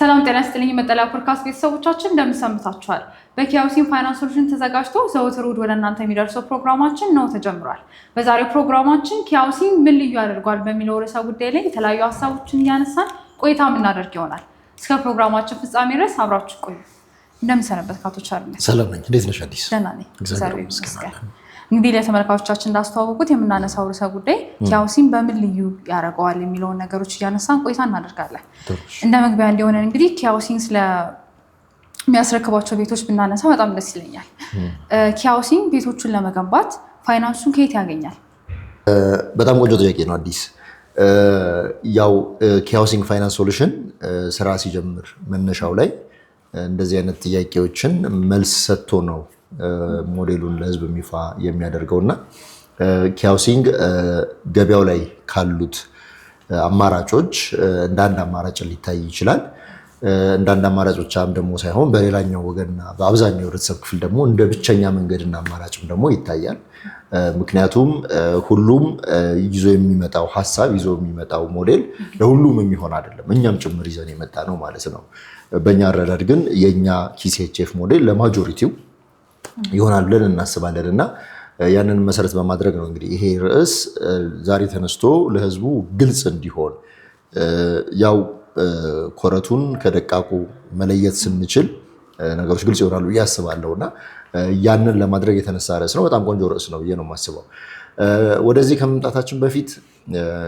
ሰላም ጤና ይስጥልኝ። መጠለያ ፖድካስት ቤተሰቦቻችን እንደምን ሰንብታችኋል? በኪያውሲን ፋይናንስ ሶሉሽን ተዘጋጅቶ ዘወትር ውድ ወደ እናንተ የሚደርሰው ፕሮግራማችን ነው ተጀምሯል። በዛሬው ፕሮግራማችን ኪያውሲን ምን ልዩ ያደርጓል በሚለው ርዕሰ ጉዳይ ላይ የተለያዩ ሀሳቦችን እያነሳን ቆይታ የምናደርግ ይሆናል። እስከ ፕሮግራማችን ፍጻሜ ድረስ አብራችሁ ቆዩ። እንደምን ሰነበት ካቶች አለ ሰላም ነኝ። እንዴት ነሽ? አዲስ ደህና ነኝ። እንግዲህ ለተመልካቾቻችን እንዳስተዋወቁት የምናነሳው ርዕሰ ጉዳይ ቲያውሲን በምን ልዩ ያደርገዋል የሚለውን ነገሮች እያነሳን ቆይታ እናደርጋለን። እንደ መግቢያ እንዲሆነን እንግዲህ ቲያውሲን ስለሚያስረክቧቸው ቤቶች ብናነሳ በጣም ደስ ይለኛል። ቲያውሲን ቤቶቹን ለመገንባት ፋይናንሱን ከየት ያገኛል? በጣም ቆንጆ ጥያቄ ነው። አዲስ ያው ኪያውሲንግ ፋይናንስ ሶሉሽን ስራ ሲጀምር መነሻው ላይ እንደዚህ አይነት ጥያቄዎችን መልስ ሰጥቶ ነው ሞዴሉን ለህዝብ የሚፋ የሚያደርገው እና ኪያውሲንግ ገበያው ላይ ካሉት አማራጮች እንደ አንድ አማራጭ ሊታይ ይችላል። እንዳንድ አንድ አማራጮችም ደግሞ ሳይሆን በሌላኛው ወገንና በአብዛኛው ህብረተሰብ ክፍል ደግሞ እንደ ብቸኛ መንገድና አማራጭም ደግሞ ይታያል። ምክንያቱም ሁሉም ይዞ የሚመጣው ሀሳብ ይዞ የሚመጣው ሞዴል ለሁሉም የሚሆን አይደለም። እኛም ጭምር ይዘን የመጣ ነው ማለት ነው። በእኛ አረዳድ ግን የእኛ ኪሴቼፍ ሞዴል ለማጆሪቲው ይሆናል ብለን እናስባለን እና ያንን መሰረት በማድረግ ነው እንግዲህ ይሄ ርዕስ ዛሬ ተነስቶ ለህዝቡ ግልጽ እንዲሆን ያው ኮረቱን ከደቃቁ መለየት ስንችል ነገሮች ግልጽ ይሆናሉ ብዬ አስባለሁ እና ያንን ለማድረግ የተነሳ ርዕስ ነው። በጣም ቆንጆ ርዕስ ነው ብዬ ነው የማስበው። ወደዚህ ከመምጣታችን በፊት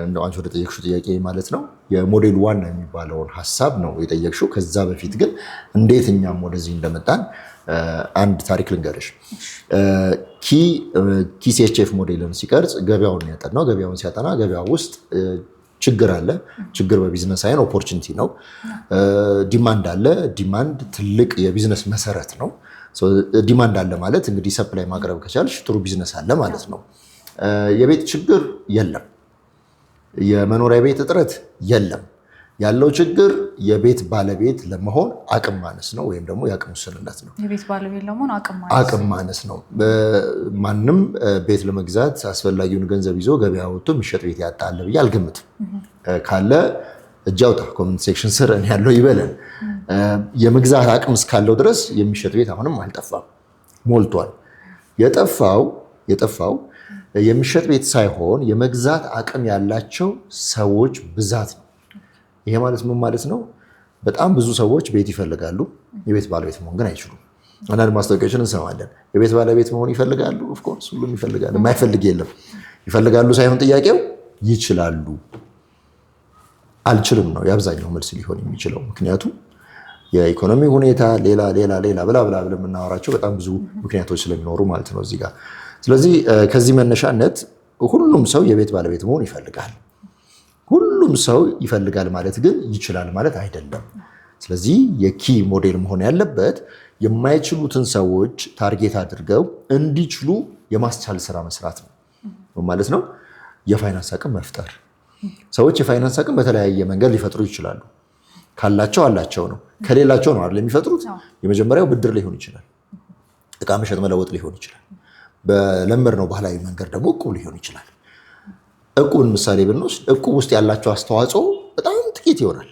እንደው አንቺ ወደ ጠየቅሽው ጥያቄ ማለት ነው የሞዴል ዋን የሚባለውን ሀሳብ ነው የጠየቅሽው። ከዛ በፊት ግን እንዴት እኛም ወደዚህ እንደመጣን አንድ ታሪክ ልንገርሽ። ኪ ሞዴልን ሲቀርጽ ገበያውን ያጠናው። ገበያውን ሲያጠና ገበያ ውስጥ ችግር አለ። ችግር በቢዝነስ አይን ኦፖርቹኒቲ ነው። ዲማንድ አለ። ዲማንድ ትልቅ የቢዝነስ መሰረት ነው። ዲማንድ አለ ማለት እንግዲህ ሰፕላይ ማቅረብ ከቻልሽ ጥሩ ቢዝነስ አለ ማለት ነው። የቤት ችግር የለም። የመኖሪያ ቤት እጥረት የለም። ያለው ችግር የቤት ባለቤት ለመሆን አቅም ማነስ ነው፣ ወይም ደግሞ የአቅም ውስንነት ነው። የቤት ባለቤት ለመሆን አቅም ማነስ ነው። ማንም ቤት ለመግዛት አስፈላጊውን ገንዘብ ይዞ ገበያ ወጥቶ የሚሸጥ ቤት ያጣለ ብዬ አልገምትም። ካለ እጅ አውጣ ኮመንት ሴክሽን ስር እኔ ያለው ይበለን። የመግዛት አቅም እስካለው ድረስ የሚሸጥ ቤት አሁንም አልጠፋም፣ ሞልቷል። የጠፋው የጠፋው የሚሸጥ ቤት ሳይሆን የመግዛት አቅም ያላቸው ሰዎች ብዛት ነው። ይሄ ማለት ምን ማለት ነው? በጣም ብዙ ሰዎች ቤት ይፈልጋሉ፣ የቤት ባለቤት መሆን ግን አይችሉም። አንዳንድ ማስታወቂያዎችን እንሰማለን። የቤት ባለቤት መሆን ይፈልጋሉ፣ ኦፍኮርስ ሁሉም ይፈልጋሉ፣ የማይፈልግ የለም። ይፈልጋሉ ሳይሆን ጥያቄው ይችላሉ አልችልም ነው የአብዛኛው መልስ ሊሆን የሚችለው። ምክንያቱም የኢኮኖሚ ሁኔታ ሌላ ሌላ ሌላ ብላ ብላ ብላ የምናወራቸው በጣም ብዙ ምክንያቶች ስለሚኖሩ ማለት ነው እዚህ ጋር። ስለዚህ ከዚህ መነሻነት ሁሉም ሰው የቤት ባለቤት መሆን ይፈልጋል። ሁሉም ሰው ይፈልጋል ማለት ግን ይችላል ማለት አይደለም። ስለዚህ የኪ ሞዴል መሆን ያለበት የማይችሉትን ሰዎች ታርጌት አድርገው እንዲችሉ የማስቻል ስራ መስራት ነው ማለት ነው። የፋይናንስ አቅም መፍጠር። ሰዎች የፋይናንስ አቅም በተለያየ መንገድ ሊፈጥሩ ይችላሉ። ካላቸው አላቸው ነው፣ ከሌላቸው ነው አይደል የሚፈጥሩት። የመጀመሪያው ብድር ሊሆን ይችላል፣ እቃ መሸጥ መለወጥ ሊሆን ይችላል። በለመድ ነው ባህላዊ መንገድ ደግሞ እቁብ ሊሆን ይችላል። እቁብን ምሳሌ ብንወስድ እቁብ ውስጥ ያላቸው አስተዋጽኦ በጣም ጥቂት ይሆናል።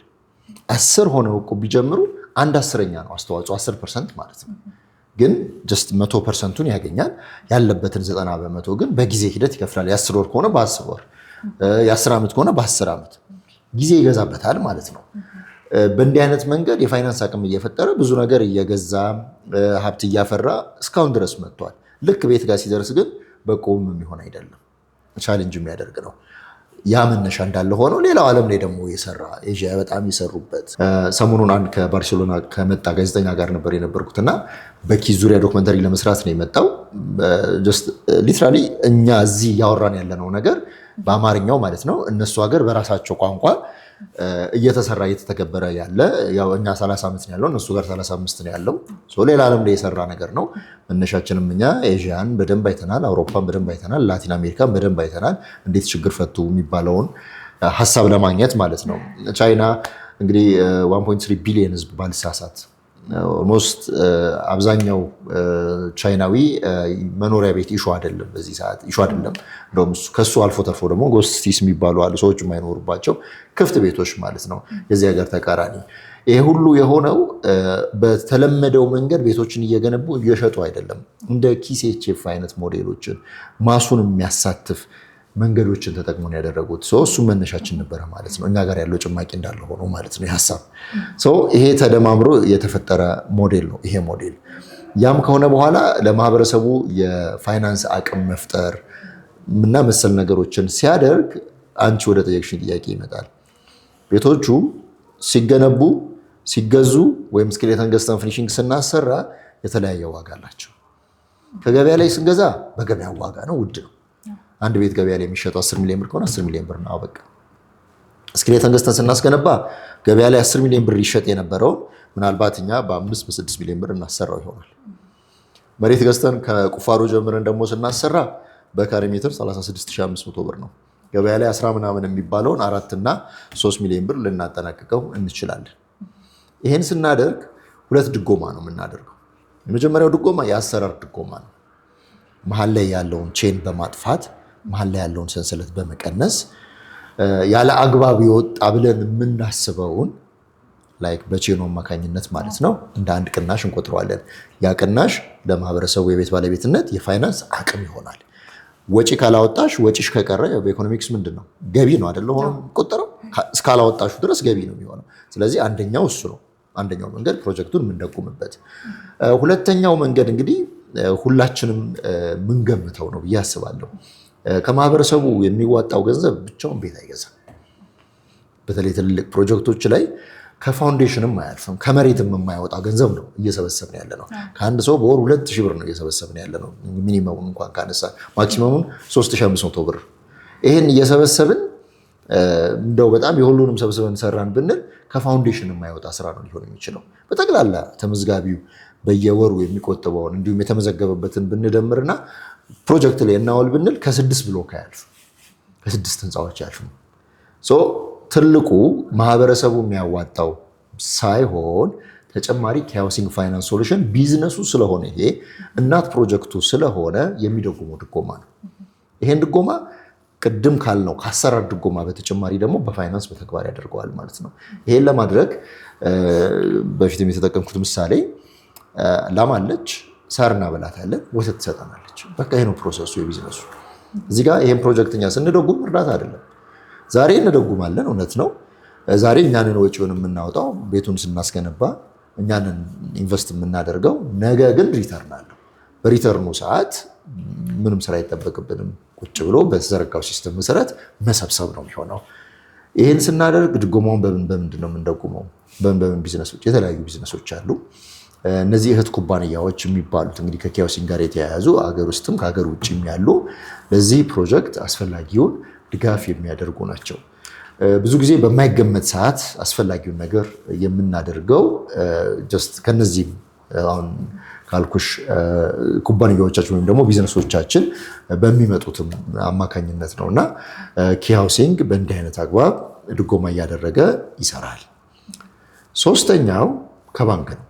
አስር ሆነው እቁብ ቢጀምሩ አንድ አስረኛ ነው አስተዋጽኦ፣ አስር ፐርሰንት ማለት ነው። ግን ጀስት መቶ ፐርሰንቱን ያገኛል። ያለበትን ዘጠና በመቶ ግን በጊዜ ሂደት ይከፍላል። የአስር ወር ከሆነ በአስር ወር፣ የአስር ዓመት ከሆነ በአስር ዓመት ጊዜ ይገዛበታል ማለት ነው። በእንዲህ አይነት መንገድ የፋይናንስ አቅም እየፈጠረ ብዙ ነገር እየገዛ ሀብት እያፈራ እስካሁን ድረስ መጥቷል። ልክ ቤት ጋር ሲደርስ ግን በቆም የሚሆን አይደለም። ቻሌንጅ የሚያደርግ ነው። ያ መነሻ እንዳለ ሆነው ሌላው ዓለም ላይ ደግሞ የሰራ ኤዥያ በጣም የሰሩበት ሰሞኑን አንድ ከባርሴሎና ከመጣ ጋዜጠኛ ጋር ነበር የነበርኩት እና ዙሪያ ዶክመንተሪ ለመስራት ነው የመጣው። ሊትራሊ እኛ እዚህ እያወራን ያለነው ነገር በአማርኛው ማለት ነው እነሱ ሀገር በራሳቸው ቋንቋ እየተሰራ እየተተገበረ ያለ ያው እኛ 35 ነው ያለው እነሱ ጋር 35 ነው ያለው። ሌላ ዓለም ላይ የሰራ ነገር ነው። መነሻችንም እኛ ኤዥያን በደንብ አይተናል፣ አውሮፓን በደንብ አይተናል፣ ላቲን አሜሪካን በደንብ አይተናል። እንዴት ችግር ፈቱ የሚባለውን ሀሳብ ለማግኘት ማለት ነው። ቻይና እንግዲህ 1.3 uh, ቢሊዮን ህዝብ ባልሳሳት ኦልሞስት አብዛኛው ቻይናዊ መኖሪያ ቤት ኢሹ አይደለም፣ በዚህ ሰዓት ኢሹ አይደለም። እንደውም ከሱ አልፎ ተርፎ ደግሞ ጎስቲስ የሚባሉ አሉ፣ ሰዎች የማይኖሩባቸው ክፍት ቤቶች ማለት ነው። የዚህ ሀገር ተቃራኒ። ይሄ ሁሉ የሆነው በተለመደው መንገድ ቤቶችን እየገነቡ እየሸጡ አይደለም። እንደ ኪሴቼፍ አይነት ሞዴሎችን ማሱን የሚያሳትፍ መንገዶችን ተጠቅሞን ያደረጉት ሰው እሱ መነሻችን ነበረ ማለት ነው። እኛ ጋር ያለው ጭማቂ እንዳለ ሆኖ ማለት ነው የሀሳብ ሰው ይሄ ተደማምሮ የተፈጠረ ሞዴል ነው ይሄ ሞዴል። ያም ከሆነ በኋላ ለማህበረሰቡ የፋይናንስ አቅም መፍጠር እና መሰል ነገሮችን ሲያደርግ አንቺ ወደ ጠየቅሽኝ ጥያቄ ይመጣል። ቤቶቹ ሲገነቡ ሲገዙ ወይም ስኬሌተን ገዝተን ፊኒሽንግ ስናሰራ የተለያየ ዋጋ አላቸው። ከገበያ ላይ ስንገዛ በገበያ ዋጋ ነው፣ ውድ ነው። አንድ ቤት ገበያ ላይ የሚሸጠው 10 ሚሊዮን ብር ከሆነ 10 ሚሊዮን ብር ነው። አበቃ። እስክሌተን ገዝተን ስናስገነባ ገበያ ላይ 10 ሚሊዮን ብር ይሸጥ የነበረውን ምናልባት እኛ በ6 ሚሊዮን ብር እናሰራው ይሆናል። መሬት ገዝተን ከቁፋሮ ጀምረን ደግሞ ስናሰራ በካሬ ሜትር 36500 ብር ነው። ገበያ ላይ 10 ምናምን የሚባለውን አራት እና 3 ሚሊዮን ብር ልናጠናቅቀው እንችላለን። ይሄን ስናደርግ ሁለት ድጎማ ነው የምናደርገው። የመጀመሪያው ድጎማ የአሰራር ድጎማ ነው። መሀል ላይ ያለውን ቼን በማጥፋት መሀል ላይ ያለውን ሰንሰለት በመቀነስ ያለ አግባብ የወጣ ብለን የምናስበውን ላይክ በቼኖ አማካኝነት ማለት ነው እንደ አንድ ቅናሽ እንቆጥረዋለን። ያ ቅናሽ ለማህበረሰቡ የቤት ባለቤትነት የፋይናንስ አቅም ይሆናል። ወጪ ካላወጣሽ ወጪሽ ከቀረ በኢኮኖሚክስ ምንድን ነው ገቢ ነው አደለ? ሆኖ ቆጠረው እስካላወጣሹ ድረስ ገቢ ነው የሚሆነው። ስለዚህ አንደኛው እሱ ነው፣ አንደኛው መንገድ ፕሮጀክቱን የምንደጉምበት። ሁለተኛው መንገድ እንግዲህ ሁላችንም ምንገምተው ነው ብዬ አስባለሁ። ከማህበረሰቡ የሚዋጣው ገንዘብ ብቻውን ቤት አይገዛም። በተለይ ትልልቅ ፕሮጀክቶች ላይ ከፋውንዴሽንም አያልፍም ከመሬትም የማይወጣ ገንዘብ ነው እየሰበሰብን ያለ ነው። ከአንድ ሰው በወር ሁለት ሺህ ብር ነው እየሰበሰብን ያለ ነው። ሚኒመሙን እንኳን ካነሳ ማክሲመሙን ሶስት ሺህ አምስት መቶ ብር ይህን እየሰበሰብን እንደው በጣም የሁሉንም ሰብስበን ሰራን ብንል ከፋውንዴሽን የማይወጣ ስራ ነው ሊሆን የሚችለው። በጠቅላላ ተመዝጋቢው በየወሩ የሚቆጥበውን እንዲሁም የተመዘገበበትን ብንደምርና ፕሮጀክት ላይ እናውል ብንል ከስድስት ብሎክ አያልፍ ከስድስት ህንፃዎች ያልፍ ነው። ትልቁ ማህበረሰቡ የሚያዋጣው ሳይሆን ተጨማሪ ከሃውሲንግ ፋይናንስ ሶሉሽን ቢዝነሱ ስለሆነ ይሄ እናት ፕሮጀክቱ ስለሆነ የሚደጉመው ድጎማ ነው። ይሄን ድጎማ ቅድም ካልነው ከአሰራር ድጎማ በተጨማሪ ደግሞ በፋይናንስ በተግባር ያደርገዋል ማለት ነው። ይሄን ለማድረግ በፊትም የተጠቀምኩት ምሳሌ ላማለች ሳር እናበላታለን፣ ወተት ትሰጠናለች። በቃ ይሄ ነው ፕሮሰሱ የቢዝነሱ። እዚህ ጋር ይሄን ፕሮጀክት እኛ ስንደጉም እርዳታ አይደለም። ዛሬ እንደጉማለን፣ እውነት ነው። ዛሬ እኛንን ወጪውን የምናወጣው ቤቱን ስናስገነባ እኛንን ኢንቨስት የምናደርገው፣ ነገ ግን ሪተርን አለው። በሪተርኑ ሰዓት ምንም ስራ አይጠበቅብንም። ቁጭ ብሎ በተዘረጋው ሲስተም መሰረት መሰብሰብ ነው የሚሆነው። ይህን ስናደርግ ድጎማውን በምን በምንድን ነው የምንደጉመው? በምን በምን ቢዝነሶች የተለያዩ ቢዝነሶች አሉ። እነዚህ እህት ኩባንያዎች የሚባሉት እንግዲህ ከኪያውሲን ጋር የተያያዙ አገር ውስጥም ከሀገር ውጭም ያሉ ለዚህ ፕሮጀክት አስፈላጊውን ድጋፍ የሚያደርጉ ናቸው። ብዙ ጊዜ በማይገመት ሰዓት አስፈላጊውን ነገር የምናደርገው ጀስት ከነዚህ አሁን ካልኩሽ ኩባንያዎቻችን ወይም ደግሞ ቢዝነሶቻችን በሚመጡትም አማካኝነት ነው እና ኪሃውሲንግ በእንዲህ አይነት አግባብ ድጎማ እያደረገ ይሰራል። ሶስተኛው ከባንክ ነው።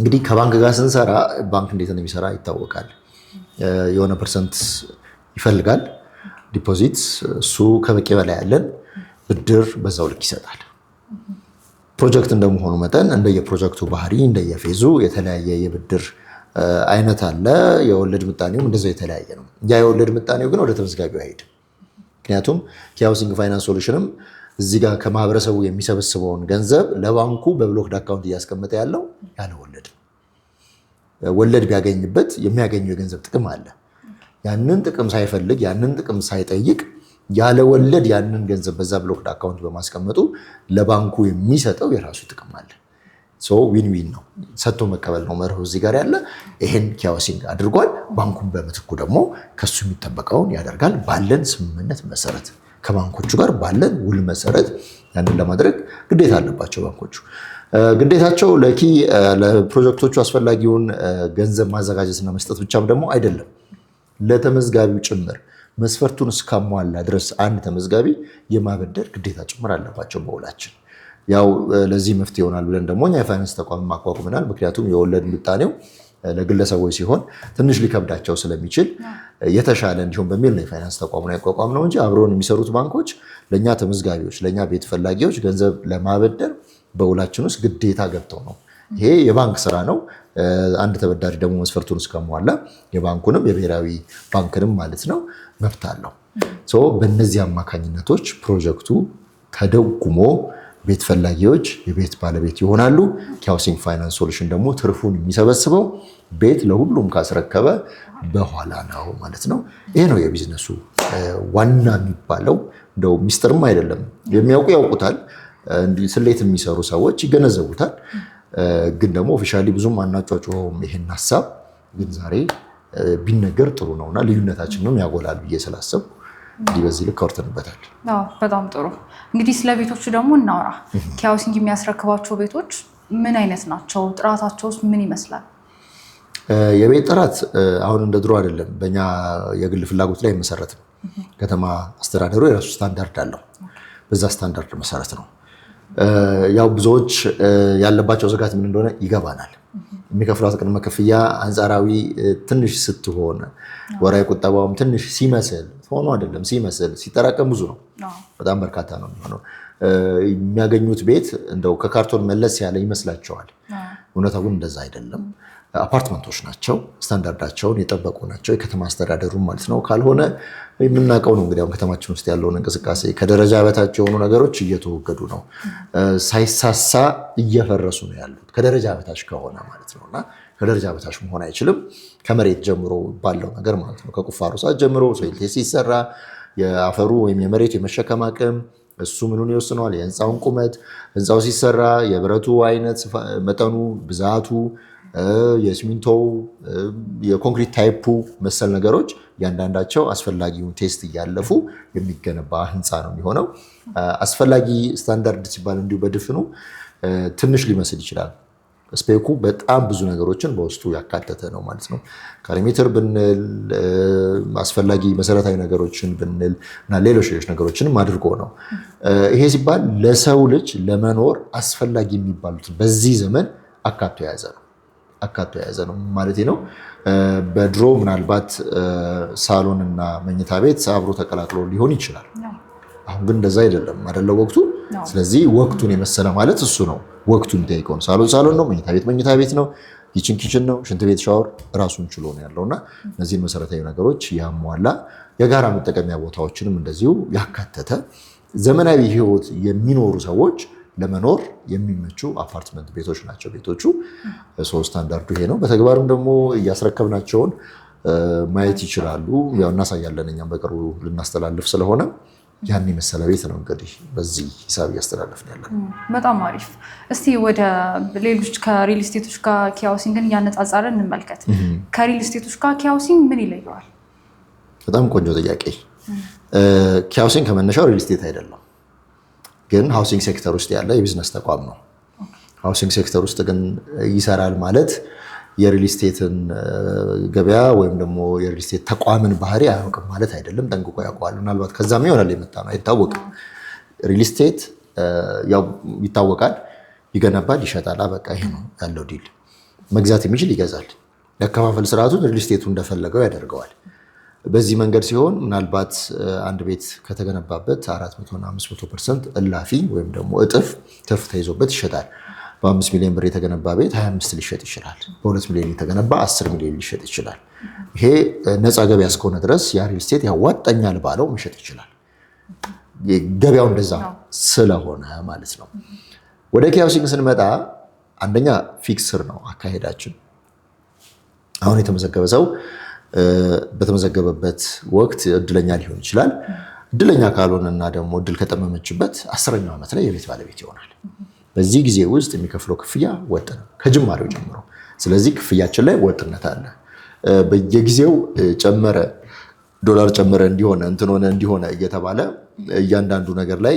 እንግዲህ ከባንክ ጋር ስንሰራ ባንክ እንዴት የሚሰራ ይታወቃል። የሆነ ፐርሰንት ይፈልጋል ዲፖዚት፣ እሱ ከበቂ በላይ ያለን ብድር በዛው ልክ ይሰጣል። ፕሮጀክት እንደመሆኑ መጠን እንደየፕሮጀክቱ ባህሪ እንደየፌዙ የተለያየ የብድር አይነት አለ። የወለድ ምጣኔው እንደዛ የተለያየ ነው። ያ የወለድ ምጣኔው ግን ወደ ተመዝጋቢው አይሄድም። ምክንያቱም ሃውሲንግ ፋይናንስ ሶሉሽንም እዚህ ጋር ከማህበረሰቡ የሚሰበስበውን ገንዘብ ለባንኩ በብሎክድ አካውንት እያስቀመጠ ያለው ያለ ወለድ ወለድ ቢያገኝበት የሚያገኘው የገንዘብ ጥቅም አለ። ያንን ጥቅም ሳይፈልግ ያንን ጥቅም ሳይጠይቅ ያለ ወለድ ያንን ገንዘብ በዛ ብሎክድ አካውንት በማስቀመጡ ለባንኩ የሚሰጠው የራሱ ጥቅም አለ። ዊን ዊን ነው። ሰጥቶ መቀበል ነው መርሁ እዚህ ጋር ያለ። ይሄን ኪያሲንግ አድርጓል። ባንኩን በምትኩ ደግሞ ከሱ የሚጠበቀውን ያደርጋል ባለን ስምምነት መሰረት ከባንኮቹ ጋር ባለን ውል መሰረት ያንን ለማድረግ ግዴታ አለባቸው ባንኮቹ። ግዴታቸው ለኪ ለፕሮጀክቶቹ አስፈላጊውን ገንዘብ ማዘጋጀትና መስጠት ብቻም ደግሞ አይደለም፣ ለተመዝጋቢው ጭምር መስፈርቱን እስካሟላ ድረስ አንድ ተመዝጋቢ የማበደር ግዴታ ጭምር አለባቸው በውላችን። ያው ለዚህ መፍትሄ ይሆናል ብለን ደግሞ እኛ የፋይናንስ ተቋም አቋቁመናል። ምክንያቱም የወለድ ምጣኔው ለግለሰቦች ሲሆን ትንሽ ሊከብዳቸው ስለሚችል የተሻለ እንዲሁም በሚል ነው የፋይናንስ ተቋሙን ያቋቋም ነው እንጂ አብረውን የሚሰሩት ባንኮች ለእኛ ተመዝጋቢዎች፣ ለእኛ ቤት ፈላጊዎች ገንዘብ ለማበደር በውላችን ውስጥ ግዴታ ገብተው ነው። ይሄ የባንክ ስራ ነው። አንድ ተበዳሪ ደግሞ መስፈርቱን እስከሟላ የባንኩንም የብሔራዊ ባንክንም ማለት ነው መብት አለው። በእነዚህ አማካኝነቶች ፕሮጀክቱ ተደጉሞ ቤት ፈላጊዎች የቤት ባለቤት ይሆናሉ። ሃውሲንግ ፋይናንስ ሶሉሽን ደግሞ ትርፉን የሚሰበስበው ቤት ለሁሉም ካስረከበ በኋላ ነው ማለት ነው። ይሄ ነው የቢዝነሱ ዋና የሚባለው። እንደው ሚስጥርም አይደለም፣ የሚያውቁ ያውቁታል። ስሌት የሚሰሩ ሰዎች ይገነዘቡታል። ግን ደግሞ ኦፊሻሊ ብዙም አናጫጭም ይሄን ሀሳብ ግን ዛሬ ቢነገር ጥሩ ነውና ልዩነታችንም ያጎላል ብዬ ስላሰብኩ እንዲህ በዚህ ልክ አውርተንበታል። በጣም ጥሩ። እንግዲህ ስለ ቤቶቹ ደግሞ እናውራ። ከሃውሲንግ የሚያስረክባቸው ቤቶች ምን አይነት ናቸው? ጥራታቸውስ ምን ይመስላል? የቤት ጥራት አሁን እንደ ድሮ አይደለም። በእኛ የግል ፍላጎት ላይ መሰረትም ከተማ አስተዳደሩ የራሱ ስታንዳርድ አለው። በዛ ስታንዳርድ መሰረት ነው። ያው ብዙዎች ያለባቸው ስጋት ምን እንደሆነ ይገባናል። የሚከፍሏት ቅድመ ክፍያ አንጻራዊ ትንሽ ስትሆን፣ ወራዊ ቁጠባውም ትንሽ ሲመስል ሆኖ አይደለም ሲመስል ሲጠራቀም ብዙ ነው፣ በጣም በርካታ ነው የሚሆነው። የሚያገኙት ቤት እንደው ከካርቶን መለስ ያለ ይመስላቸዋል። እውነታ ግን እንደዛ አይደለም። አፓርትመንቶች ናቸው። ስታንዳርዳቸውን የጠበቁ ናቸው። የከተማ አስተዳደሩ ማለት ነው። ካልሆነ የምናውቀው ነው እንግዲህ አሁን ከተማችን ውስጥ ያለውን እንቅስቃሴ ከደረጃ በታች የሆኑ ነገሮች እየተወገዱ ነው፣ ሳይሳሳ እየፈረሱ ነው ያሉት ከደረጃ በታች ከሆነ ማለት ነውና ከደረጃ በታች መሆን አይችልም። ከመሬት ጀምሮ ባለው ነገር ማለት ነው። ከቁፋሮ ሰዓት ጀምሮ ሶይል ቴስት ሲሰራ የአፈሩ ወይም የመሬቱ የመሸከም አቅም እሱ ምኑን ይወስነዋል። የህንፃውን ቁመት፣ ህንፃው ሲሰራ የብረቱ አይነት መጠኑ፣ ብዛቱ፣ የሲሚንቶው፣ የኮንክሪት ታይፑ መሰል ነገሮች እያንዳንዳቸው አስፈላጊውን ቴስት እያለፉ የሚገነባ ህንፃ ነው የሚሆነው። አስፈላጊ ስታንዳርድ ሲባል እንዲሁ በድፍኑ ትንሽ ሊመስል ይችላል። ስፔኩ በጣም ብዙ ነገሮችን በውስጡ ያካተተ ነው ማለት ነው። ካሬ ሜትር ብንል አስፈላጊ መሰረታዊ ነገሮችን ብንል እና ሌሎች ሌሎች ነገሮችንም አድርጎ ነው። ይሄ ሲባል ለሰው ልጅ ለመኖር አስፈላጊ የሚባሉት በዚህ ዘመን አካቶ የያዘ ነው አካቶ የያዘ ነው ማለት ነው። በድሮ ምናልባት ሳሎን እና መኝታ ቤት አብሮ ተቀላቅሎ ሊሆን ይችላል። አሁን ግን እንደዛ አይደለም አይደለ? ወቅቱ ስለዚህ ወቅቱን የመሰለ ማለት እሱ ነው። ወቅቱ የሚጠይቀው ሳሎን ሳሎን ነው፣ መኝታ ቤት መኝታ ቤት ነው፣ ኪችን ኪችን ነው፣ ሽንት ቤት ሻወር ራሱን ችሎ ነው ያለውና እነዚህን መሰረታዊ ነገሮች ያሟላ የጋራ መጠቀሚያ ቦታዎችንም እንደዚሁ ያካተተ ዘመናዊ ህይወት የሚኖሩ ሰዎች ለመኖር የሚመቹ አፓርትመንት ቤቶች ናቸው ቤቶቹ። ስታንዳርዱ ይሄ ነው። በተግባርም ደግሞ እያስረከብናቸውን ማየት ይችላሉ። ያው እናሳያለን። እኛም በቅርቡ ልናስተላልፍ ስለሆነ ያን የመሰለ ቤት ነው እንግዲህ በዚህ ሂሳብ እያስተላለፍን ያለ። በጣም አሪፍ። እስቲ ወደ ሌሎች ከሪል ስቴቶች ጋር ኪያውሲንግን እያነጻጻረ እንመልከት። ከሪል ስቴቶች ጋር ኪያውሲንግ ምን ይለየዋል? በጣም ቆንጆ ጥያቄ። ኪያውሲንግ ከመነሻው ሪል ስቴት አይደለም፣ ግን ሃውሲንግ ሴክተር ውስጥ ያለ የቢዝነስ ተቋም ነው። ሃውሲንግ ሴክተር ውስጥ ግን ይሰራል ማለት የሪል ስቴትን ገበያ ወይም ደግሞ የሪል ስቴት ተቋምን ባህሪ አያውቅም ማለት አይደለም። ጠንቅቆ ያውቀዋል። ምናልባት ከዛም ይሆናል የመጣ ነው አይታወቅም። ሪል ስቴት ያው ይታወቃል፣ ይገነባል፣ ይሸጣል። በቃ ይሄ ነው ያለው ዲል። መግዛት የሚችል ይገዛል። የአከፋፈል ስርዓቱን ሪል ስቴቱ እንደፈለገው ያደርገዋል። በዚህ መንገድ ሲሆን ምናልባት አንድ ቤት ከተገነባበት አራት መቶና አምስት መቶ ፐርሰንት እላፊ ወይም ደግሞ እጥፍ ትርፍ ተይዞበት ይሸጣል። በአምስት ሚሊዮን ብር የተገነባ ቤት 25 ሊሸጥ ይችላል። በሁለት ሚሊዮን የተገነባ 10 ሚሊዮን ሊሸጥ ይችላል። ይሄ ነፃ ገበያ እስከሆነ ድረስ ያ ሪል ስቴት ያዋጣኛል ባለው መሸጥ ይችላል። ገበያው እንደዛ ስለሆነ ማለት ነው። ወደ ኪያውሲንግ ስንመጣ አንደኛ ፊክስር ነው አካሄዳችን። አሁን የተመዘገበ ሰው በተመዘገበበት ወቅት እድለኛ ሊሆን ይችላል። እድለኛ ካልሆነና ደግሞ እድል ከጠመመችበት አስረኛው ዓመት ላይ የቤት ባለቤት ይሆናል። በዚህ ጊዜ ውስጥ የሚከፍለው ክፍያ ወጥ ነው ከጅማሬው ጀምሮ። ስለዚህ ክፍያችን ላይ ወጥነት አለ። በየጊዜው ጨመረ፣ ዶላር ጨመረ፣ እንዲሆነ እንትን ሆነ እንዲሆነ እየተባለ እያንዳንዱ ነገር ላይ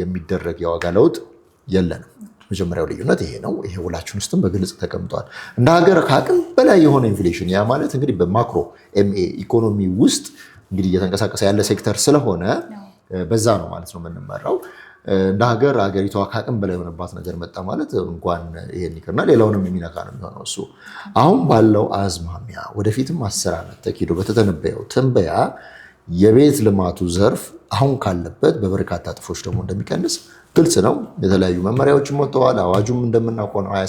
የሚደረግ የዋጋ ለውጥ የለንም። መጀመሪያው ልዩነት ይሄ ነው። ይሄ ውላችን ውስጥም በግልጽ ተቀምጧል። እንደ ሀገር ከአቅም በላይ የሆነ ኢንፍሌሽን፣ ያ ማለት እንግዲህ በማክሮ ኤምኤ ኢኮኖሚ ውስጥ እንግዲህ እየተንቀሳቀሰ ያለ ሴክተር ስለሆነ በዛ ነው ማለት ነው የምንመራው። እንደ ሀገር ሀገሪቷ ከአቅም በላይ የሆነባት ነገር መጣ ማለት እንኳን ይሄን ይቅርና ሌላውንም የሚነካ ነው የሚሆነው። እሱ አሁን ባለው አዝማሚያ ወደፊትም አስር ዓመት ተኪዶ በተተነበየው ትንበያ የቤት ልማቱ ዘርፍ አሁን ካለበት በበርካታ ጥፎች ደግሞ እንደሚቀንስ ግልጽ ነው። የተለያዩ መመሪያዎችም ወጥተዋል። አዋጁም እንደምናውቀው ነው ሀያ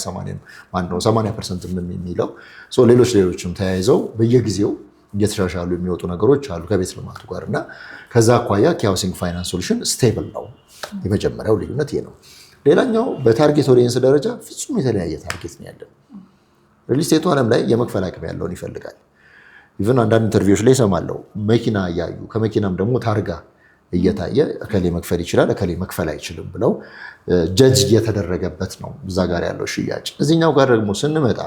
ማን ነው ሰማንያ ፐርሰንት የሚለው ሌሎች ሌሎችም ተያይዘው በየጊዜው እየተሻሻሉ የሚወጡ ነገሮች አሉ ከቤት ልማቱ ጋር እና ከዛ አኳያ ኪ ሃውሲንግ ፋይናንስ ሶሉሽን ስቴብል ነው። የመጀመሪያው ልዩነት ይሄ ነው። ሌላኛው በታርጌት ኦዲየንስ ደረጃ ፍጹም የተለያየ ታርጌት ነው ያለው። ሪል ስቴቱ ዓለም ላይ የመክፈል አቅም ያለውን ይፈልጋል። ኢቨን አንዳንድ ኢንተርቪዎች ላይ ይሰማለሁ። መኪና እያዩ ከመኪናም ደግሞ ታርጋ እየታየ እከሌ መክፈል ይችላል እከሌ መክፈል አይችልም ብለው ጀጅ እየተደረገበት ነው እዛ ጋር ያለው ሽያጭ። እዚኛው ጋር ደግሞ ስንመጣ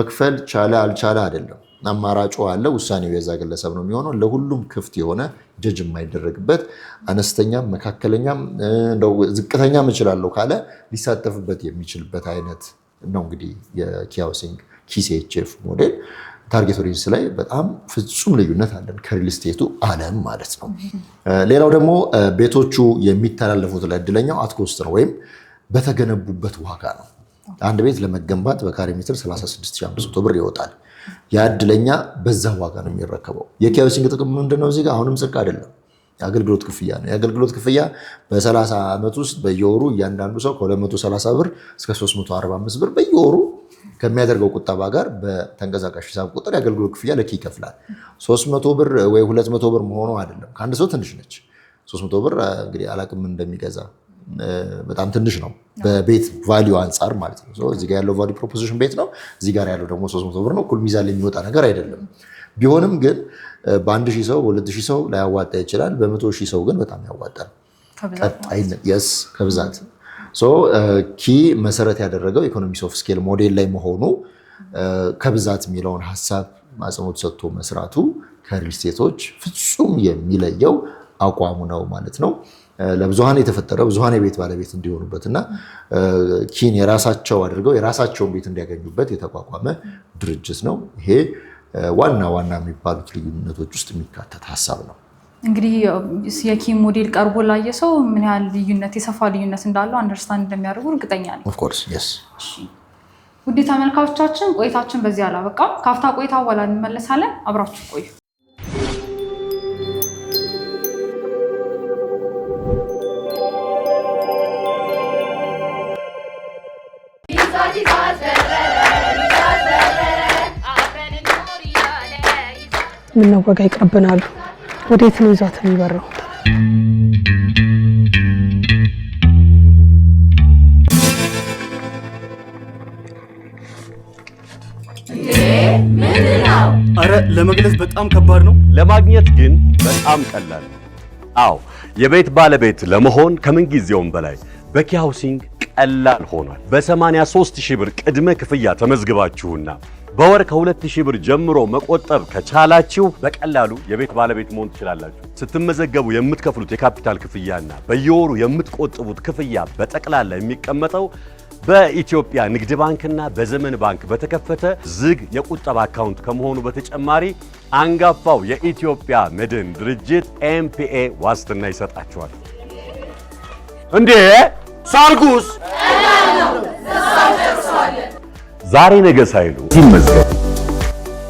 መክፈል ቻለ አልቻለ አይደለም አማራጩ አለ። ውሳኔው የዛ ግለሰብ ነው የሚሆነው። ለሁሉም ክፍት የሆነ ጀጅ የማይደረግበት አነስተኛም፣ መካከለኛም፣ እንደው ዝቅተኛም እችላለሁ ካለ ሊሳተፍበት የሚችልበት አይነት ነው። እንግዲህ የኪያውሲንግ ኪሴችፍ ሞዴል ታርጌት ኦዲየንስ ላይ በጣም ፍጹም ልዩነት አለን ከሪል ስቴቱ አለም ማለት ነው። ሌላው ደግሞ ቤቶቹ የሚተላለፉት ለእድለኛው አትኮስት ነው ወይም በተገነቡበት ዋጋ ነው። አንድ ቤት ለመገንባት በካሬ ሜትር 36500 ብር ይወጣል። ያ እድለኛ በዛ ዋጋ ነው የሚረከበው። የኪዮሲንግ ጥቅም ምንድነው? እዚህ ጋር አሁንም ጽድቅ አይደለም የአገልግሎት ክፍያ ነው። የአገልግሎት ክፍያ በ30 ዓመት ውስጥ በየወሩ እያንዳንዱ ሰው ከ230 ብር እስከ 345 ብር በየወሩ ከሚያደርገው ቁጠባ ጋር በተንቀሳቃሽ ሂሳብ ቁጥር የአገልግሎት ክፍያ ለኪ ይከፍላል። 300 ብር ወይ 200 ብር መሆኑ አይደለም። ከአንድ ሰው ትንሽ ነች። 300 ብር እንግዲህ አላቅም እንደሚገዛ በጣም ትንሽ ነው፣ በቤት ቫሊዩ አንጻር ማለት ነው። እዚህ ጋር ያለው ቫሊዩ ፕሮፖዚሽን ቤት ነው፣ እዚህ ጋር ያለው ደግሞ 300 ብር ነው። እኩል ሚዛን የሚወጣ ነገር አይደለም። ቢሆንም ግን በአንድ ሺህ ሰው በሁለት ሺህ ሰው ላያዋጣ ይችላል። በመቶ ሺህ ሰው ግን በጣም ያዋጣል። ቀጣይነት ከብዛት ኪ uh, መሰረት ያደረገው ኢኮኖሚስ ኦፍ ስኬል ሞዴል ላይ መሆኑ uh, ከብዛት የሚለውን ሀሳብ አጽንኦት ሰጥቶ መስራቱ ከሪልስቴቶች ፍጹም የሚለየው አቋሙ ነው ማለት ነው። ለብዙሃን የተፈጠረ ብዙሃን የቤት ባለቤት እንዲሆኑበት እና ኪን የራሳቸው አድርገው የራሳቸውን ቤት እንዲያገኙበት የተቋቋመ ድርጅት ነው። ይሄ ዋና ዋና የሚባሉት ልዩነቶች ውስጥ የሚካተት ሀሳብ ነው። እንግዲህ የኪን ሞዴል ቀርቦ ላየ ሰው ምን ያህል ልዩነት የሰፋ ልዩነት እንዳለው አንደርስታንድ እንደሚያደርጉ እርግጠኛ ነኝ። ኦፍኮርስ ተመልካቾቻችን ቆይታችን በዚህ አላበቃም። ካፍታ ቆይታ በኋላ እንመለሳለን። አብራችሁ ቆዩ። ምነው ወጋ ይቀርብናሉ። ወዴት ነው ይዟት የሚበረው? አረ ለመግለጽ በጣም ከባድ ነው፣ ለማግኘት ግን በጣም ቀላል ነው። አዎ የቤት ባለቤት ለመሆን ከምን ጊዜውም በላይ በኪ ሃውሲንግ ቀላል ሆኗል። በ83 ሺህ ብር ቅድመ ክፍያ ተመዝግባችሁና በወር ከ2000 ብር ጀምሮ መቆጠብ ከቻላችሁ በቀላሉ የቤት ባለቤት መሆን ትችላላችሁ። ስትመዘገቡ የምትከፍሉት የካፒታል ክፍያና በየወሩ የምትቆጥቡት ክፍያ በጠቅላላ የሚቀመጠው በኢትዮጵያ ንግድ ባንክና በዘመን ባንክ በተከፈተ ዝግ የቁጠባ አካውንት ከመሆኑ በተጨማሪ አንጋፋው የኢትዮጵያ መድን ድርጅት ኤምፒኤ ዋስትና ይሰጣቸዋል። እንዴ ሳርጉስ ዛሬ ነገ ሳይሉ ይመዝገቡ።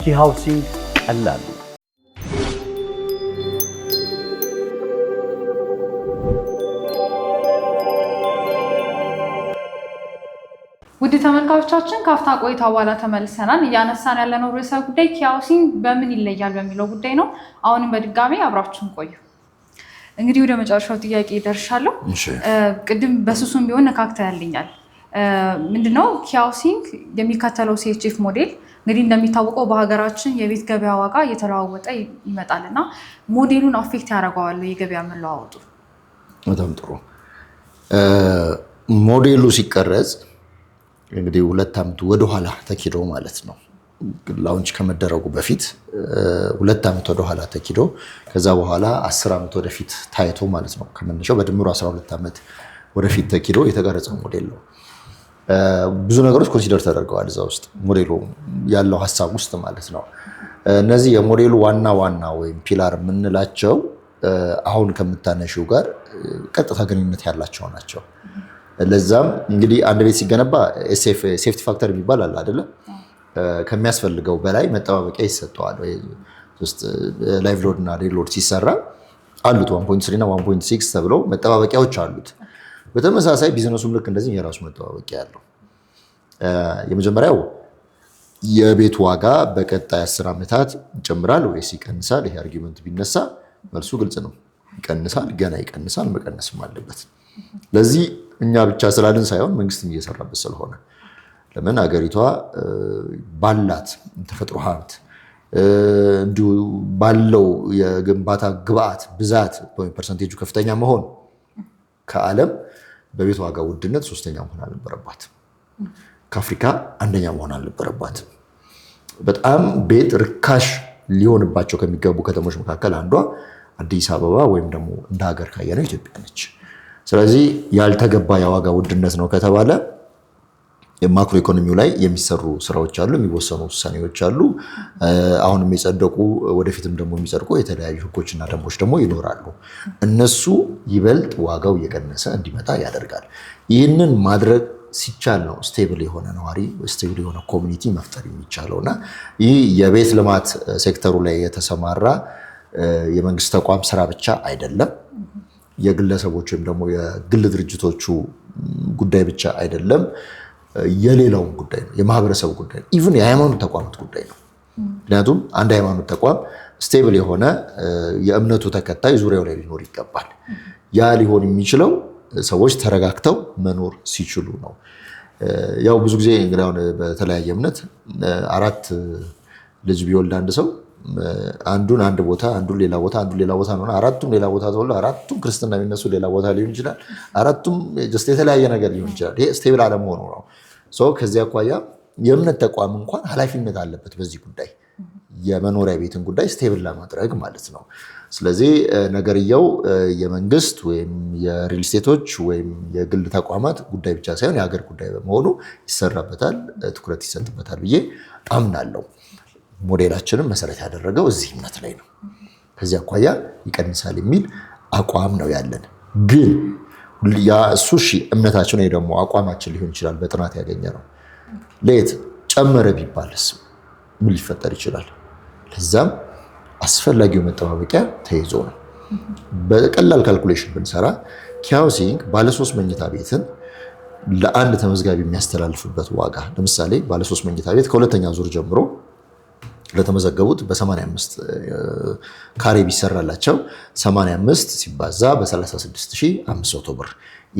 ኪ ሃውሲንግ ቀላል ውድ ተመልካቾቻችን ካፍታ ቆይታ በኋላ ተመልሰናል። እያነሳን ያለነው ርዕሰ ጉዳይ ኪያውሲን በምን ይለያል በሚለው ጉዳይ ነው። አሁንም በድጋሚ አብራችሁን ቆዩ። እንግዲህ ወደ መጨረሻው ጥያቄ ይደርሻለሁ። ቅድም በስሱም ቢሆን ነካክታ ያልኛል ምንድነው ኪያውሲንግ የሚከተለው ሲኤችኤፍ ሞዴል እንግዲህ እንደሚታወቀው በሀገራችን የቤት ገበያ ዋጋ እየተለዋወጠ ይመጣል እና ሞዴሉን አፌክት ያደርገዋል የገበያ መለዋወጡ። በጣም ጥሩ። ሞዴሉ ሲቀረጽ እንግዲህ ሁለት ዓመት ወደኋላ ተኪዶ ማለት ነው ላውንች ከመደረጉ በፊት ሁለት ዓመት ወደኋላ ተኪዶ ከዛ በኋላ አስር ዓመት ወደፊት ታይቶ ማለት ነው ከመነሻው በድምሩ 12 ዓመት ወደፊት ተኪዶ የተቀረጸ ሞዴል ነው። ብዙ ነገሮች ኮንሲደር ተደርገዋል እዛ ውስጥ ሞዴሉ ያለው ሀሳብ ውስጥ ማለት ነው። እነዚህ የሞዴሉ ዋና ዋና ወይም ፒላር የምንላቸው አሁን ከምታነሺው ጋር ቀጥታ ግንኙነት ያላቸው ናቸው። ለዛም እንግዲህ አንድ ቤት ሲገነባ ሴፍቲ ፋክተር የሚባል አለ አደለ? ከሚያስፈልገው በላይ መጠባበቂያ ይሰጠዋል። ላይቭ ሎድ እና ሬድ ሎድ ሲሰራ አሉት 1.3 እና 1.6 ተብለው መጠባበቂያዎች አሉት። በተመሳሳይ ቢዝነሱም ልክ እንደዚህ የራሱ መጠባበቂያ ያለው የመጀመሪያው የቤት ዋጋ በቀጣይ አስር ዓመታት ይጨምራል ወይስ ይቀንሳል? ይሄ አርጊመንት ቢነሳ መልሱ ግልጽ ነው፣ ይቀንሳል። ገና ይቀንሳል፣ መቀነስም አለበት። ለዚህ እኛ ብቻ ስላልን ሳይሆን መንግስትም እየሰራበት ስለሆነ ለምን አገሪቷ ባላት ተፈጥሮ ሀብት እንዲሁ ባለው የግንባታ ግብአት ብዛት ፐርሰንቴጁ ከፍተኛ መሆን ከዓለም በቤት ዋጋ ውድነት ሶስተኛ መሆን አልነበረባትም። ከአፍሪካ አንደኛ መሆን አልነበረባትም። በጣም ቤት ርካሽ ሊሆንባቸው ከሚገቡ ከተሞች መካከል አንዷ አዲስ አበባ ወይም ደግሞ እንደ ሀገር ካየነው ኢትዮጵያ ነች። ስለዚህ ያልተገባ የዋጋ ውድነት ነው ከተባለ ማክሮ ኢኮኖሚው ላይ የሚሰሩ ስራዎች አሉ፣ የሚወሰኑ ውሳኔዎች አሉ። አሁንም የጸደቁ ወደፊትም ደግሞ የሚጸድቁ የተለያዩ ህጎችና ደንቦች ደግሞ ይኖራሉ። እነሱ ይበልጥ ዋጋው እየቀነሰ እንዲመጣ ያደርጋል። ይህንን ማድረግ ሲቻል ነው ስቴብል የሆነ ነዋሪ ስቴብል የሆነ ኮሚኒቲ መፍጠር የሚቻለው እና ይህ የቤት ልማት ሴክተሩ ላይ የተሰማራ የመንግስት ተቋም ስራ ብቻ አይደለም። የግለሰቦች ወይም ደግሞ የግል ድርጅቶቹ ጉዳይ ብቻ አይደለም። የሌላውም ጉዳይ ነው፣ የማህበረሰቡ ጉዳይ ነው፣ ኢቭን የሃይማኖት ተቋማት ጉዳይ ነው። ምክንያቱም አንድ ሃይማኖት ተቋም ስቴብል የሆነ የእምነቱ ተከታይ ዙሪያው ላይ ሊኖር ይገባል። ያ ሊሆን የሚችለው ሰዎች ተረጋግተው መኖር ሲችሉ ነው። ያው ብዙ ጊዜ እንግዲህ አሁን በተለያየ እምነት አራት ልጅ ቢወልድ አንድ ሰው አንዱን አንድ ቦታ አንዱን ሌላ ቦታ አንዱን ሌላ ቦታ ነው። አራቱም ሌላ ቦታ ተወልዶ አራቱም ክርስትና የሚነሱ ሌላ ቦታ ሊሆን ይችላል። አራቱም ጀስት የተለያየ ነገር ሊሆን ይችላል። ይሄ ስቴብል አለመሆኑ ነው። ከዚህ አኳያ የእምነት ተቋም እንኳን ኃላፊነት አለበት በዚህ ጉዳይ የመኖሪያ ቤትን ጉዳይ ስቴብል ለማድረግ ማለት ነው። ስለዚህ ነገርየው የመንግስት ወይም የሪል ስቴቶች ወይም የግል ተቋማት ጉዳይ ብቻ ሳይሆን የሀገር ጉዳይ በመሆኑ ይሰራበታል፣ ትኩረት ይሰጥበታል ብዬ አምናለሁ። ሞዴላችንም መሰረት ያደረገው እዚህ እምነት ላይ ነው። ከዚህ አኳያ ይቀንሳል የሚል አቋም ነው ያለን ግን እሱ እሺ እምነታቸው ደግሞ አቋማችን ሊሆን ይችላል። በጥናት ያገኘ ነው። ለየት ጨመረ ቢባልስ ምን ሊፈጠር ይችላል? ለዛም አስፈላጊው መጠባበቂያ ተይዞ ነው። በቀላል ካልኩሌሽን ብንሰራ ኪያውሲንግ ባለሶስት መኝታ ቤትን ለአንድ ተመዝጋቢ የሚያስተላልፍበት ዋጋ ለምሳሌ ባለሶስት መኝታ ቤት ከሁለተኛ ዙር ጀምሮ ለተመዘገቡት በ85 ካሬ ቢሰራላቸው 85 ሲባዛ በ36500 ብር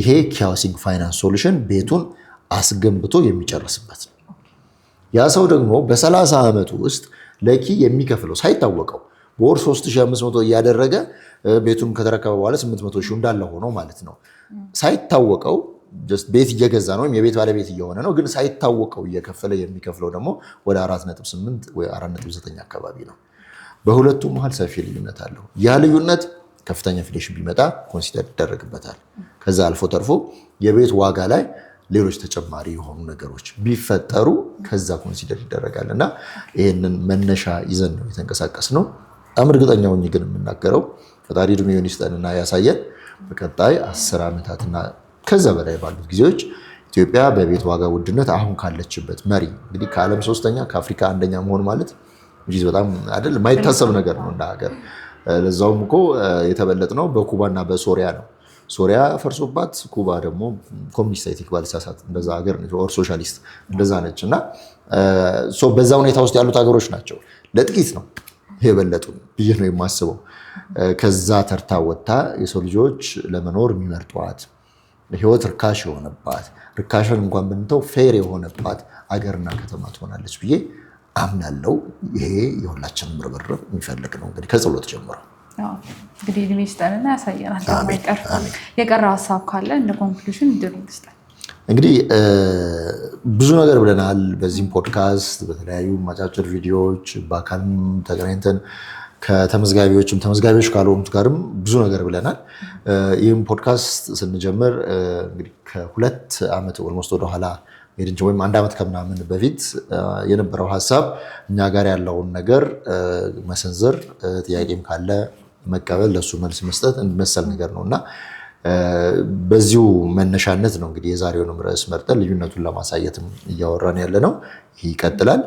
ይሄ ኪያሲንግ ፋይናንስ ሶሉሽን ቤቱን አስገንብቶ የሚጨርስበት ነው። ያ ሰው ደግሞ በ30 ዓመቱ ውስጥ ለኪ የሚከፍለው ሳይታወቀው በወር 3500 እያደረገ ቤቱን ከተረከበ በኋላ 800 ሺህ እንዳለ ሆኖ ማለት ነው ሳይታወቀው ቤት እየገዛ ነው ወይም የቤት ባለቤት እየሆነ ነው፣ ግን ሳይታወቀው እየከፈለ የሚከፍለው ደግሞ ወደ 4.8 ወይ 4.9 አካባቢ ነው። በሁለቱም መሀል ሰፊ ልዩነት አለው። ያ ልዩነት ከፍተኛ ኢንፍሌሽን ቢመጣ ኮንሲደር ይደረግበታል። ከዛ አልፎ ተርፎ የቤት ዋጋ ላይ ሌሎች ተጨማሪ የሆኑ ነገሮች ቢፈጠሩ ከዛ ኮንሲደር ይደረጋል እና ይህንን መነሻ ይዘን ነው የተንቀሳቀስ ነው። በጣም እርግጠኛ ሆኜ ግን የምናገረው ፈጣሪ ዕድሜውን ይስጠንና ያሳየን በቀጣይ አስር ዓመታትና ከዛ በላይ ባሉት ጊዜዎች ኢትዮጵያ በቤት ዋጋ ውድነት አሁን ካለችበት መሪ እንግዲህ ከዓለም ሶስተኛ ከአፍሪካ አንደኛ መሆን ማለት በጣም አይደል የማይታሰብ ነገር ነው እንደ ሀገር። ለዛውም እኮ የተበለጥ ነው በኩባና በሶሪያ ነው። ሶሪያ ፈርሶባት ኩባ ደግሞ ኮሚኒስት አይቲክ ባልሳሳት እንደዛ ሀገር ኦር ሶሻሊስት እንደዛ ነች። እና በዛ ሁኔታ ውስጥ ያሉት ሀገሮች ናቸው። ለጥቂት ነው የበለጡ ብዬ ነው የማስበው። ከዛ ተርታ ወጥታ የሰው ልጆች ለመኖር የሚመርጧት ለህይወት ርካሽ የሆነባት ርካሽን እንኳን ብንተው ፌር የሆነባት አገርና ከተማ ትሆናለች ብዬ አምናለው። ይሄ የሁላችንም ርብርብ የሚፈልግ ነው። እንግዲህ ከጸሎት ጀምሮ እንግዲህ እድሜ ስጠንና ያሳየናል። የቀረ ሀሳብ ካለ እንደ ኮንክሉሽን እንግዲህ ብዙ ነገር ብለናል። በዚህም ፖድካስት፣ በተለያዩ አጫጭር ቪዲዮዎች፣ በአካልም ተገናኝተን ከተመዝጋቢዎችም ተመዝጋቢዎች ካልሆኑት ጋርም ብዙ ነገር ብለናል። ይህም ፖድካስት ስንጀምር እንግዲህ ከሁለት ዓመት ኦልሞስት ወደኋላ ሄድንች ወይም አንድ ዓመት ከምናምን በፊት የነበረው ሀሳብ እኛ ጋር ያለውን ነገር መሰንዘር፣ ጥያቄም ካለ መቀበል፣ ለሱ መልስ መስጠት መሰል ነገር ነው እና በዚሁ መነሻነት ነው እንግዲህ የዛሬውንም ርዕስ መርጠን ልዩነቱን ለማሳየትም እያወራን ያለ ነው። ይቀጥላል።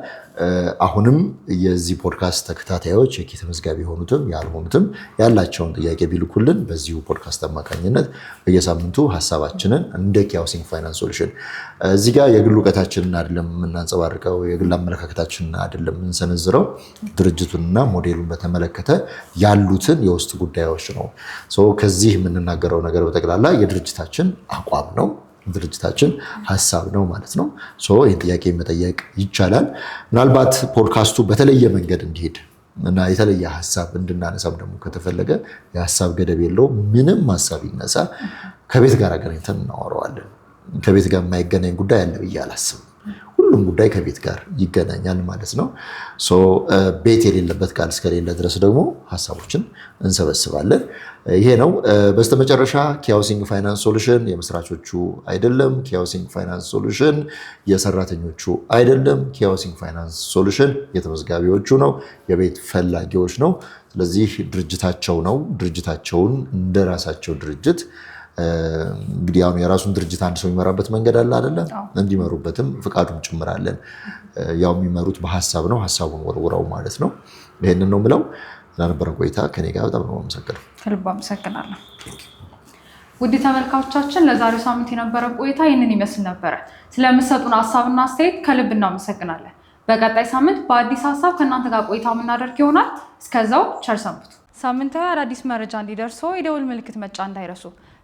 አሁንም የዚህ ፖድካስት ተከታታዮች የኪት መዝጋቢ የሆኑትም ያልሆኑትም ያላቸውን ጥያቄ ቢልኩልን በዚሁ ፖድካስት አማካኝነት በየሳምንቱ ሀሳባችንን እንደ ኪ ሃውሲንግ ፋይናንስ ሶሉሽን እዚህ ጋር የግል እውቀታችንን አይደለም የምናንጸባርቀው፣ የግል አመለካከታችንን አይደለም የምንሰነዝረው፣ ድርጅቱንና ሞዴሉን በተመለከተ ያሉትን የውስጥ ጉዳዮች ነው። ከዚህ የምንናገረው ነገር በጠቅላላ የድርጅታችን አቋም ነው። ድርጅታችን ሀሳብ ነው ማለት ነው። ይህን ጥያቄ መጠየቅ ይቻላል። ምናልባት ፖድካስቱ በተለየ መንገድ እንዲሄድ እና የተለየ ሀሳብ እንድናነሳም ደግሞ ከተፈለገ የሀሳብ ገደብ የለውም። ምንም ሀሳብ ይነሳ ከቤት ጋር አገናኝተን እናወረዋለን። ከቤት ጋር የማይገናኝ ጉዳይ አለ ብዬ አላስብም። ሁሉም ጉዳይ ከቤት ጋር ይገናኛል ማለት ነው። ቤት የሌለበት ቃል እስከሌለ ድረስ ደግሞ ሀሳቦችን እንሰበስባለን። ይሄ ነው። በስተመጨረሻ ኪያውሲንግ ፋይናንስ ሶሉሽን የመስራቾቹ አይደለም። ኪያውሲንግ ፋይናንስ ሶሉሽን የሰራተኞቹ አይደለም። ኪያውሲንግ ፋይናንስ ሶሉሽን የተመዝጋቢዎቹ ነው፣ የቤት ፈላጊዎች ነው። ስለዚህ ድርጅታቸው ነው። ድርጅታቸውን እንደራሳቸው ድርጅት እንግዲህ አሁን የራሱን ድርጅት አንድ ሰው የሚመራበት መንገድ አለ አደለ? እንዲመሩበትም ፍቃዱም ጭምራለን። ያው የሚመሩት በሀሳብ ነው፣ ሀሳቡን ወርውረው ማለት ነው። ይህንን ነው ምለው። ስለነበረን ቆይታ ከኔ ጋር በጣም ነው አመሰግነው። ከልብ አመሰግናለሁ። ውድ ተመልካቾቻችን ለዛሬው ሳምንት የነበረን ቆይታ ይህንን ይመስል ነበረ። ስለምሰጡን ሀሳብና አስተያየት ከልብ እናመሰግናለን። በቀጣይ ሳምንት በአዲስ ሀሳብ ከእናንተ ጋር ቆይታ የምናደርግ ይሆናል። እስከዛው ቸር ሰንብቱ። ሳምንታዊ አዳዲስ መረጃ እንዲደርሶ የደውል ምልክት መጫ እንዳይረሱ